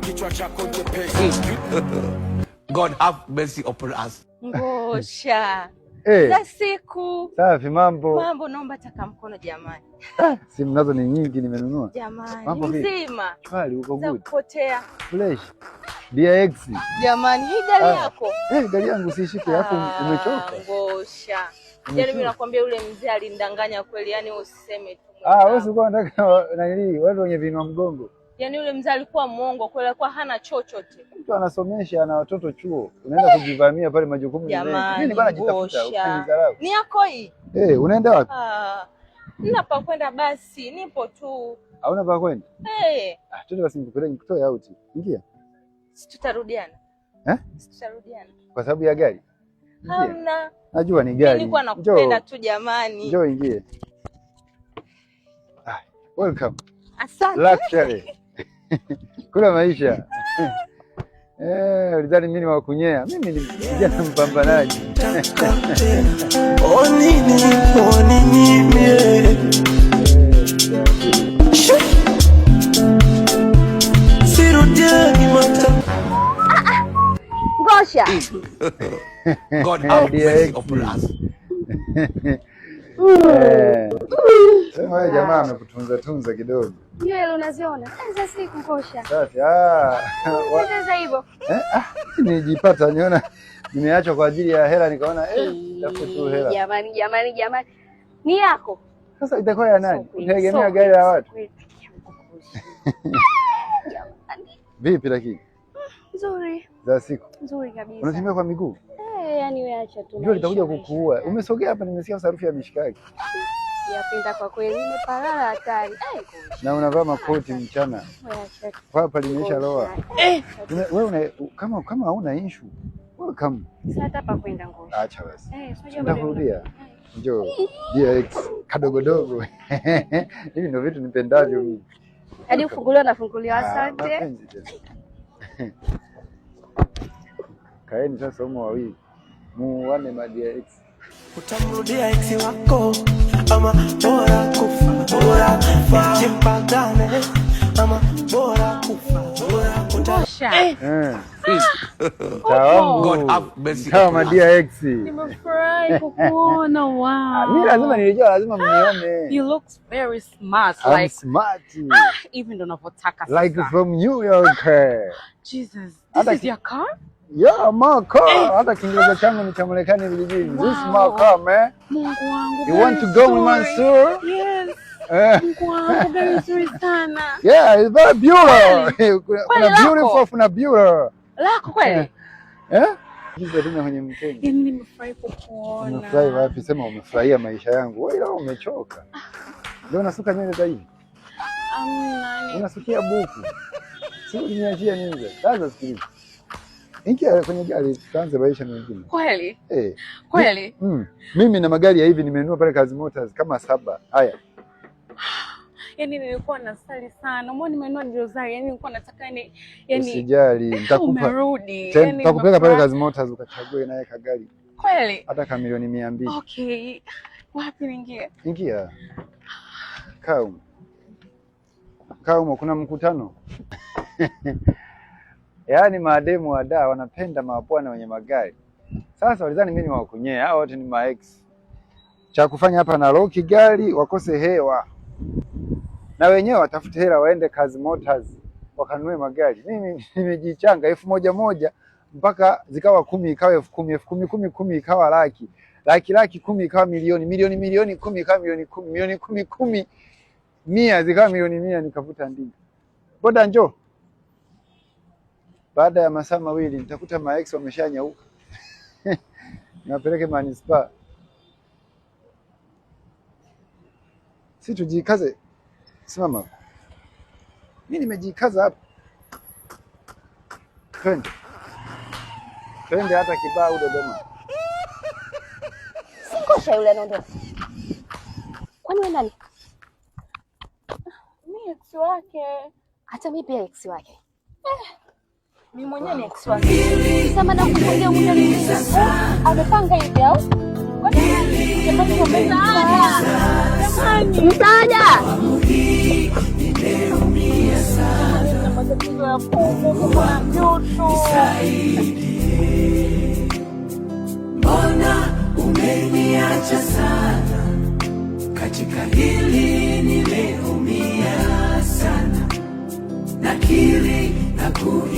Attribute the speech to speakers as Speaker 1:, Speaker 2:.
Speaker 1: kichwa chako chepesi. Mm. God have mercy upon us.
Speaker 2: Ngosha. Hey. Eh. Za siku.
Speaker 1: Safi mambo.
Speaker 2: Mambo naomba taka mkono jamani.
Speaker 1: Ah, simu nazo ni nyingi nimenunua.
Speaker 2: Jamani, mambo mzima.
Speaker 1: Kali uko good.
Speaker 2: Zakupotea.
Speaker 1: Fresh. DX.
Speaker 2: Jamani, hii gari ah, yako. Eh,
Speaker 1: hey, gari yangu si shike yako ah, umechoka.
Speaker 2: Ngosha. Jaribu yaani mimi nakwambia yule mzee alindanganya kweli, yani useme tu.
Speaker 1: Ah, wewe ulikuwa na nani? Wewe wenye vinwa mgongo
Speaker 2: yani yule mzee alikuwa mwongo kweli, alikuwa hana chochote.
Speaker 1: Mtu anasomesha na watoto chuo, unaenda eh, kujivamia pale, majukumu ni mengi. Nini bana, jitafuta
Speaker 2: ni yako hii.
Speaker 1: Eh, unaenda wapi?
Speaker 2: Ah, nina pa kwenda basi, nipo tu.
Speaker 1: Hauna pa kwenda? Eh, ah, twende basi, nikupeleke nikutoe out. Ingia.
Speaker 2: Si tutarudiana eh? Si tutarudiana
Speaker 1: kwa sababu ya gari?
Speaker 2: Hamna,
Speaker 1: najua ni gari.
Speaker 2: Nilikuwa nakupenda tu jamani.
Speaker 1: Njoo ingie. Ah, welcome. Asante. Luxury. kula maisha Eh, ulidhani mimi niwakunyea? Mimi ni kijana mpambanaji. Oh,
Speaker 2: oh, Ngosha.
Speaker 1: God have mercy upon us. Eh. Wewe ah. jamaa amekutunza tunza kidogo.
Speaker 2: Nywele unaziona? Sasa si kukosha.
Speaker 1: Safi. Ah.
Speaker 2: Sasa hivyo.
Speaker 1: Eh? Ah, Nijipata niona nimeachwa kwa ajili ya hela nikaona eh tafuta tu hela.
Speaker 2: Jamani jamani jamani. Ni yako.
Speaker 1: Sasa itakuwa ya nani? Unategemea gari la watu. Vipi lakini? Nzuri. Za siku.
Speaker 2: Nzuri kabisa.
Speaker 1: Unatembea kwa miguu?
Speaker 2: yani wewe acha tu.
Speaker 1: Ndio nitakuja kukuua. Umesogea hapa nimesikia harufu ya mishikaki.
Speaker 2: Yapenda kwa kweli imeparara hatari.
Speaker 1: Na unavaa makoti mchana. Wewe acha. hapa limeisha loa. Eh. Wewe una kama kama hauna issue. Welcome.
Speaker 2: Sasa hata pa kwenda ngoo.
Speaker 1: Acha basi. Eh, sio jambo. Njoo. DX kadogodogo. Hivi ndio vitu nipendavyo mimi.
Speaker 2: Hadi ufunguliwa na ah, funguliwa. Asante.
Speaker 1: Kaeni sasa umo wawili muone maji ya ex. Utamrudia ex wako ama bora kufa, bora
Speaker 2: kufa. Jipagane ama bora kufa, bora kutosha.
Speaker 1: Eh. Eh, ah. oh.
Speaker 2: Nimefurahi kukuona.
Speaker 1: Ah, lazima nilijua lazima ah, mnione.
Speaker 3: You look very smart like
Speaker 1: smart. Like from New York.
Speaker 3: Jesus, this is your car?
Speaker 1: Yeah, maka. Eh. Hata Kiingereza changu ni cha Marekani vijijini. This car, man.
Speaker 2: Mungu wangu.
Speaker 1: You want to go Mansour?
Speaker 2: Yes. Eh. Mungu wangu, gari nzuri sana.
Speaker 1: Yeah, it's very beautiful. Kuna beautiful, kuna beautiful.
Speaker 2: Lako kweli?
Speaker 1: Eh? Umefurahi yaani wapi? Sema umefurahia maisha yangu. Wewe umechoka. Ah. Ndio unasuka nywele za hivi. Unasukia buku. Sio niachie nywele. Sasa sikiliza. Ingia kwenye gari tuanze maisha mengine. Kweli? Eh. Kweli? Mm. Mimi na magari ya hivi nimenunua pale Kazi Motors kama saba. Haya.
Speaker 2: Yaani nilikuwa sali sana. Mbona nimenunua Dozari? Yaani nilikuwa nataka yani yani Usijali, nitakupa. Umerudi.
Speaker 1: Yani nitakupeleka pale Kazi Motors ukachague naye kagari. Kweli? Hata kama milioni 200.
Speaker 2: Okay. Wapi niingie?
Speaker 1: Ingia. Kaa Kaumu Kaa kuna mkutano. yaani wa wadaa wanapenda mabwana wenye magari. Sasa walidhani mimi ni wakunyea, hao wote ni ex. Cha kufanya hapa na loki gari wakose hewa, na wenyewe watafute hela waende Kazi Motors wakanunue magari. Mimi nimejichanga elfu moja moja mpaka zikawa kumi, ikawa elfu kumi, elfu kumi kumi kumi ikawa laki laki laki kumi ikawa milioni milioni milioni kumi ikawa milioni kumi milioni kumi kumi mia zikawa milioni mia, nikavuta ndinga. Boda njoo baada ya masaa mawili nitakuta maex wameshanyauka niwapeleke manispaa. Si tujikaze, simama. Mi nimejikaza hapa, twende twende hata kibao Dodoma.
Speaker 2: Sikosha yule anaondoka. Kwani wewe nani? Mi ex wake. Hata mi pia ex wake eh. Mimi mwenyewe ni ex wake. Sema na kufungia muda ni nini? Amepanga hivi au? Msaada. Mbona umeniacha sana? Katika hili nimeumia sana. Nakiri na